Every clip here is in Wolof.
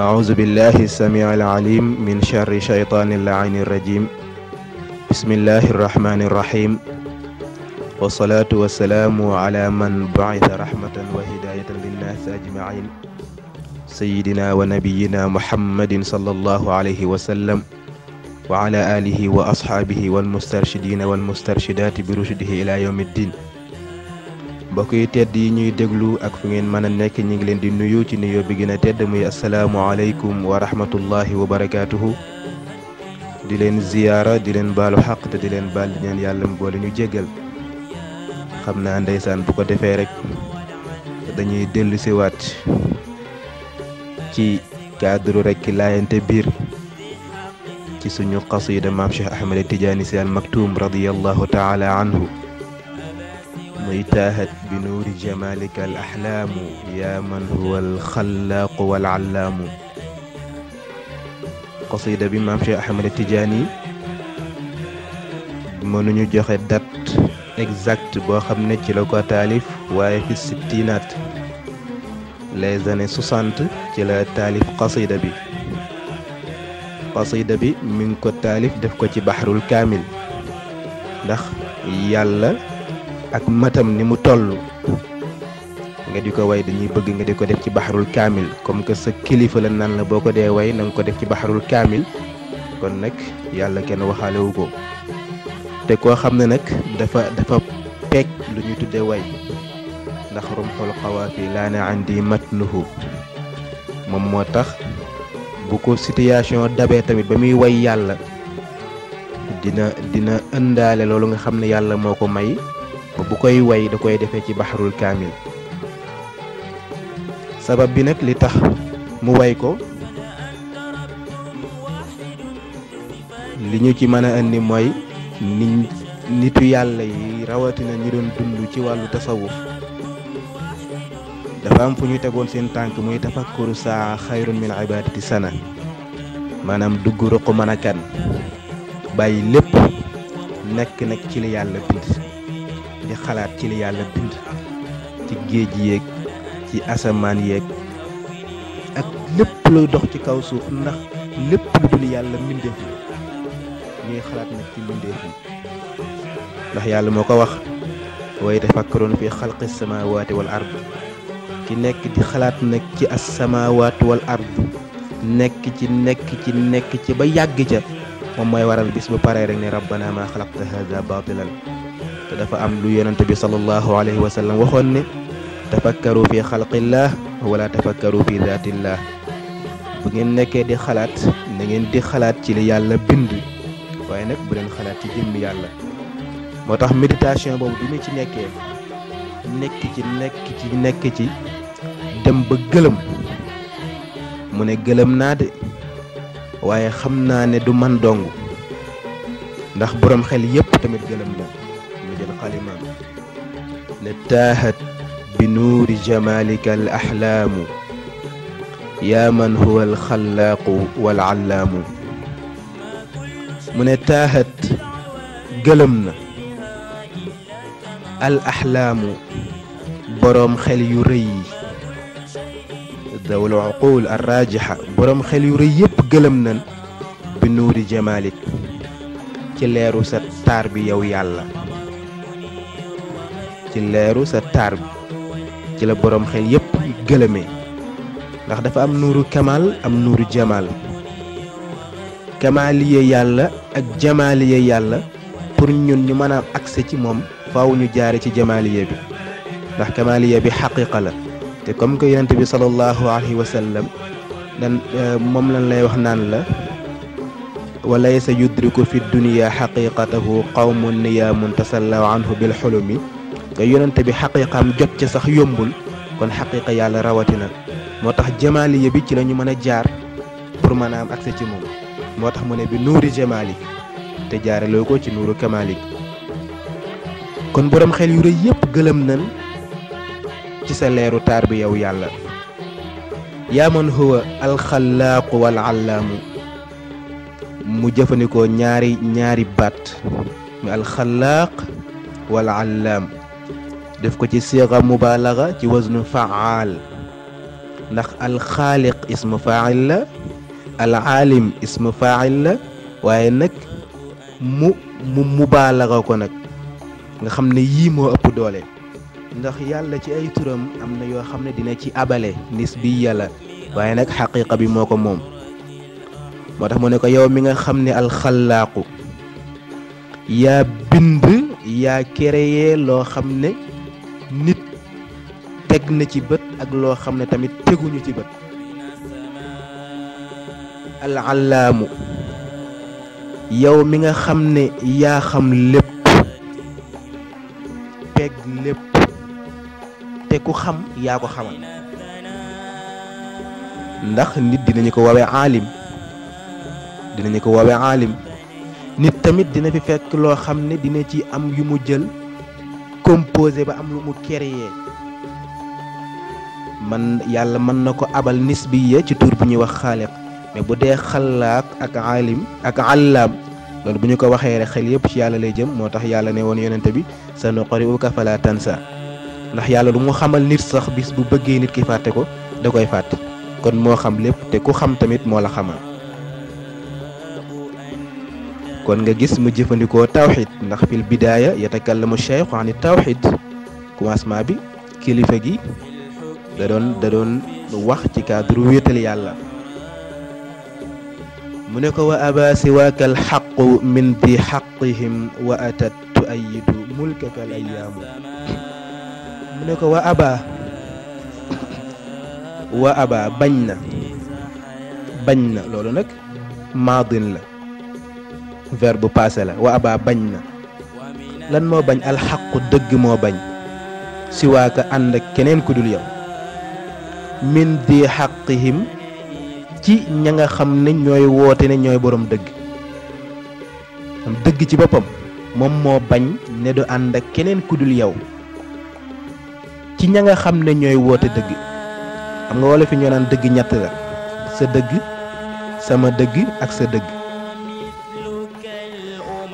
أعوذ بالله السميع العليم من شر شيطان اللعين الرجيم بسم الله الرحمن الرحيم والصلاة والسلام على من بعث رحمة وهداية للناس أجمعين سيدنا ونبينا محمد صلى الله عليه وسلم وعلى آله وأصحابه والمسترشدين والمسترشدات برشده إلى يوم الدين mbokk yi tedd yi ñuy déglu ak fu ngeen mën a nekk ñu ngi leen di nuyu ci nuyoo bi gën a tedd muy asalaamualeykum wa rahmatullahi wa barakaatuhu. di leen ziyaara di leen baalu xaq te di leen baal di yàlla mu boole ñu jéggal xam naa ndeysaan bu ko defee rek dañuy dellu siwaat ci cadre rek laayante biir ci suñu qasida maam Cheikh Ahmed Tidiane Sy Al Maktoum radiyallahu taala anhu ويتاهت بنور جمالك الأحلام يا من هو الخلاق والعلام قصيدة بمام شيء أحمد التجاني منو نجوخ الدات اكزاكت بوخم نتي لوكو تاليف واي في الستينات لي سوسانت تي لا تاليف قصيدة بي قصيدة بي منكو تاليف دفكو تي بحر الكامل دخ يالا ak matam ni mu toll nga di ko way dañuy bëgg nga di ko def ci baxarul kaamil comme que sa kilifa la naan la boo ko dee way na ko def ci baxarul kaamil kon nag yàlla kenn waxaalewu ko te koo xam ne nag dafa dafa peeg lu ñuy tudde way ndax rumxul xawaafi laa ne andi matnuhu moom moo tax bu ko situation dabee tamit ba muy way yàlla dina dina ëndaale loolu nga xam ne yàlla moo ko may ba bu koy way da koy defe ci baxarul kaamil sabab bi nag li tax mu way ko li ñu ci mën a indi mooy nit nitu yàlla yi rawatina ñi doon dund ci wàllu tasawuf dafa am fu ñu tegoon seen tànk muy tafakkuru saa xayrun min ibadati sana maanaam dugg ruq mën a kan bàyyi lépp nekk nag ci li yàlla bind di xalaat ci li yàlla bind ci géej yeeg ci asamaan yeeg ak lépp luy dox ci kaw suuf ndax lépp lu dul yàlla mbindeef la ñuy xalaat nag ci mbindeef yi ndax yàlla moo ko wax wa yatafakkaruuna fi xalqi samaawaati wal ard ki nekk di xalaat nag ci as samaawaati wal ard nekk ci nekk ci nekk ci ba yàgg ca moom mooy waral bis bu pare rek ne rabbana ma xalaqta hada batilan تدفع أم لين أن تبي صلى الله عليه وسلم وهن تفكروا في خلق الله ولا تفكروا في ذات الله بعندك دخلات نعند دخلات تلي على بند وينك بدن خلات تجمي على ما تحمد تاشين بودني تنيك نك تنيك تنيك تنيك دم بقلم من قلم نادي waye xamna ne du man dong ndax borom xel yep tamit gelam حق نتاهت بنور جمالك الأحلام يا من هو الخلاق والعلام نتاهت قلمنا الأحلام برم خل يري ذو العقول الراجحة برم خل يري قلمنا بنور جمالك كليرو التربية بيو يالله ci leeru sa taar bi ci la boroom xel yépp gëlëmee ndax dafa am nuuru kamal am nuuru jamaal kamaaliye yàlla ak jamaaliye yàlla pour ñun ñu mën a am accès ci moom faaw ñu jaare ci jamaaliye bi ndax kamaaliye bi xaqiqa la te comme que yonente bi sallallahu alayhi wa sallam dan moom lan lay wax naan la walaysa yudriku fi dunya xaqiqatahu qawmun niyaamun tasallaw anhu bil xulumi te yonente bi xaqiiqaam jot ci sax yombul kon xaqiiqa yàlla rawatina moo tax jamaaliya bi ci la ñu mën a jaar pour mën a am accès ci moom moo tax mu ne bi nuuri jamaali te jaaraloo ko ci nuuru kamaali kon borom xel yu rëy yëpp gëlëm nan ci sa leeru taar bi yow yàlla yaa man huwa alxallaaqu wal allaamu mu jëfandikoo ñaari ñaari baat mu alxallaaq wal allaam def ko ci siiqa mubaalaga ci wasnu faal ndax alxaaliq ismu fail la alaalim ismu fail la waaye nag mu mu mubaalaga ko nag nga xam ne yii moo ëpp doole ndax yàlla ci ay turam am na yoo xam ne dina ci abale nis bi yàlla waaye nag xaqiqa bi moo ko moom moo tax mu ne ko yow mi nga xam ne alxalaaqu yaa bind yaa créé loo xam ne nit tek na ci bët ak loo xam ne tamit teguñu ci bët al allaamu yow mi nga xam ne yaa xam lépp peg lépp te ku xam yaa ko xamal ndax nit dinañu ko woowee aalim dinañu ko woowee aalim nit tamit dina fi fekk loo xam ne dina ci am yu mu jël composé ba am lu mu créer man yàlla man nako abal nisbiye ci tour bu ñu wax xaaliq mais bu dé khalaq ak alim ak allam lool bu ñu ko waxé rek xel yëpp ci yàlla lay jëm motax yàlla ne won yonent bi sa nuqri'uka fala tansa ndax yàlla lu mu xamal nit sax bis bu bëggé nit ki fàtte ko da koy fàtte kon mo xam lépp te ku xam tamit mo la xamal kon nga gis mu jëfëndiko tawhid ndax fil bidaya yatakallamu shaykh ani tawhid commencement bi kilifa gi da don da don wax ci cadre wétal yàlla muneko ne ko wa aba siwaaka alxaqu min bi haqqihim wa atat tuayidu mulkaka al ayaamu mu wa aba wa aba bagnna bagnna bañ nak madin la verbe passé la wa aba bañ na lan mo bañ alxaqu dëgg moo bañ si waa ka and ak kenen kudul yow min di haqqihim ci ña nga xam ne wote ne ñoy borom deug am deug ci bopam mom mo bañ ne do and ak kenen kudul yow ci ña nga xam ne ñooy woote nga wala fi ñu naan deug ñatt la sa deug sama deug ak sa deug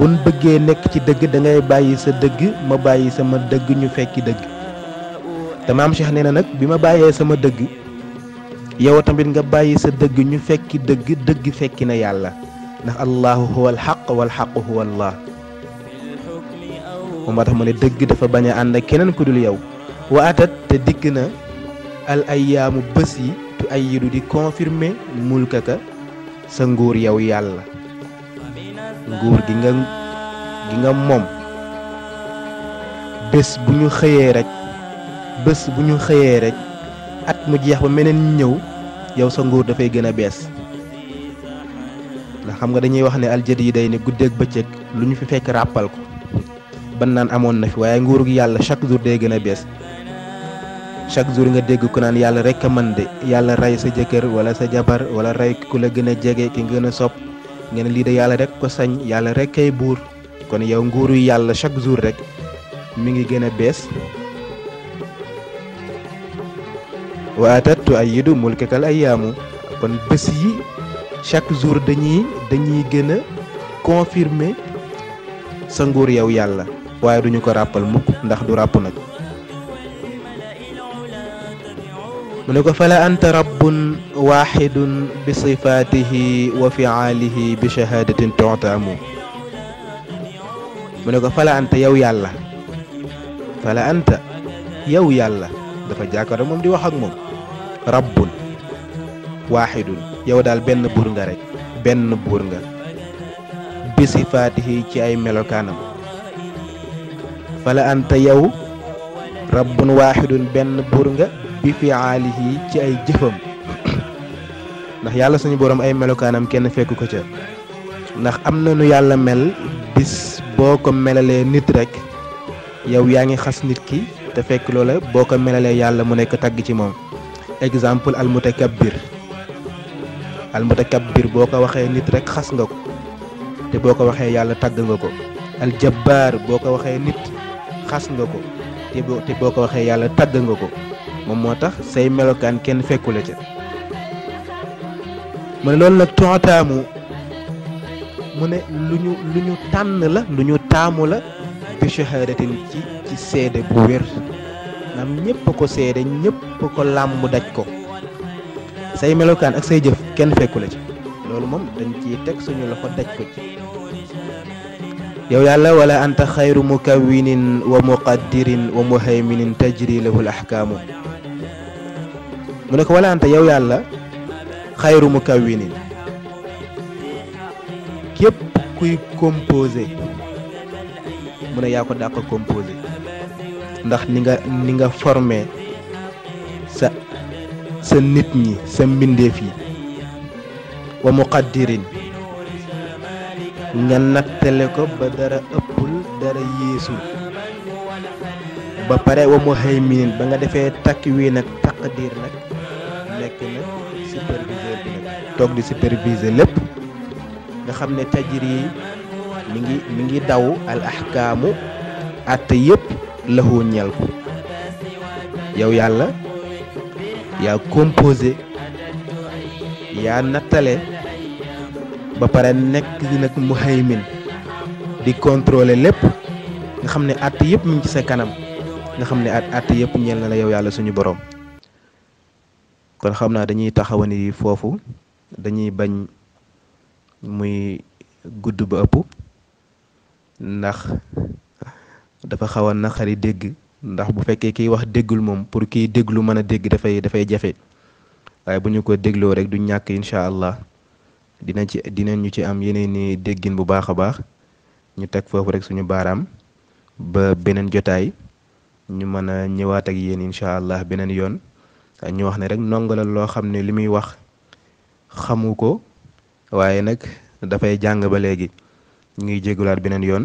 buñ bëggee nekk ci dëgg da ngay bàyyi sa dëgg ma bàyyi sama dëgg ñu fekki dëgg te maam cheikh nee na nag bi ma bàyyee sama dëgg yow tamit nga bàyyi sa dëgg ñu fekki dëgg dëgg fekki na yàlla ndax allahu huwa alxaq walxaq huwa allah moom moo tax mu ne dëgg dafa bañ a ànd ak keneen ku dul yow wa atat te dikk na al ayyaamu bés yi tu ay yidu di confirmer mulkaka sa nguur yow yàlla nguur gi nga gi nga moom bés bu ñu xëyee rek bés bu ñu xëyee rek at mu jeex ba meneen ñëw yow sa nguur dafay gën a bees ndax xam nga dañuy wax ne aljadi yi day ne guddeeg bëccëg lu ñu fi fekk ràppal ko ban naan amoon na fi waaye nguurug yàlla chaque jour day gën a bees chaque jour nga dégg ko naan yàlla rek a mën de yàlla rey sa jëkkër wala sa jabar wala rey ku la gën a jege ki nga gën a sopp ngeen li de yàlla rek ko sañ yàlla rek kay buur kon yow nguuru yàlla chaque jour rek mi ngi gën a bees wa atat tu ayidu mulkakal ayaamu kon bés yi chaque jour dañuy dañuy gën a confirmer sa nguur yow yàlla waaye duñu ko rappal mukk ndax du ràpp nag mu ne ko fala anta rab waaxidun bi sifaatihi wa fiaalihi bi shahaadatin tuutaamu mu ne ko fala anta yow yàlla fala anta yow yàlla dafa jàkkaaroo moom di wax ak moom rabbun waaxidun yow daal benn buur nga rek benn buur nga bi sifaatihi ci ay melokaanam fala anta yow rabbun waaxidun benn buur nga بفعاله تأي جفم نح يالا سنو بورم أي ملوكا نم كن فيكو كتا نح أمنا نو يالا مل بس بوك ملالي نترك يو يانغي خاص نتكي تفك لولا بوك ملالي يالا مونة كتاك جي موم اكزامبل المتكبر المتكبر بوك وخي نترك خاص نغوك te boko waxe yalla tag nga ko al jabbar boko waxe nit khas nga ko te boko waxe yalla tag nga ko mom motax say melokan kenn fekkula ci mune lol nak tuatamu mune luñu luñu tan la luñu tamu la bi shahadatin ci ci sédé bu wér nam ñëpp ko sédé ñëpp ko làmb daj ko say melokan ak say jëf kenn fekku ci lolou mom dañ ci tek suñu loxo daj ko ci يا yàlla wala anta xayru mukawinin wa muqaddirin wa muhayminin tajri lahu mu ne ko walaante yow yàlla kaw wi nii képp kuy composé mu ne yaa ko dàq composé ndax ni nga ni nga formé sa sa nit ñi sa mbindéef yi wa muqaddirin nga nattale ko ba dara ëppul dara yéesul ba pare wa muhayminin ba nga defee takk wii nag taqdir nag nekk na superviseur bi nag toog di superviser lépp nga xam ne tajir yi mi ngi mi ngi daw al ahkaamu àtte yëpp lahu ñel ko yow yàlla yaa composé yaa nattale ba pare nekk di nag muhaymin di contrôler lépp nga xam ne àtte yëpp mu ngi ci sa kanam nga xam ne àtte yëpp ñeel na la yow yàlla suñu borom kon xam naa dañuy taxawani foofu dañuy bañ muy gudd ba ëpp ndax dafa xawan a naqari dégg ndax bu fekkee kiy wax déggul moom pour kiy déglu mën a dégg dafay dafay jafe waaye bu ñu ko dégloo rek du ñàkk incha allah dina ci dinañ ñu ci am yeneen i déggin bu baax a baax ñu teg foofu rek suñu baaraam ba beneen jotaay ñu mën a ñëwaat ak yéen incha allah beneen yoon. ñu wax ne rek ndongo la loo xam ne li muy wax xamu ko waaye nag dafay jàng ba léegi ñu ngi jégulaat beneen yoon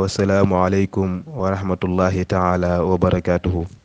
wasalaamualeykum wa rahmatullahi taala wa barakaatuhu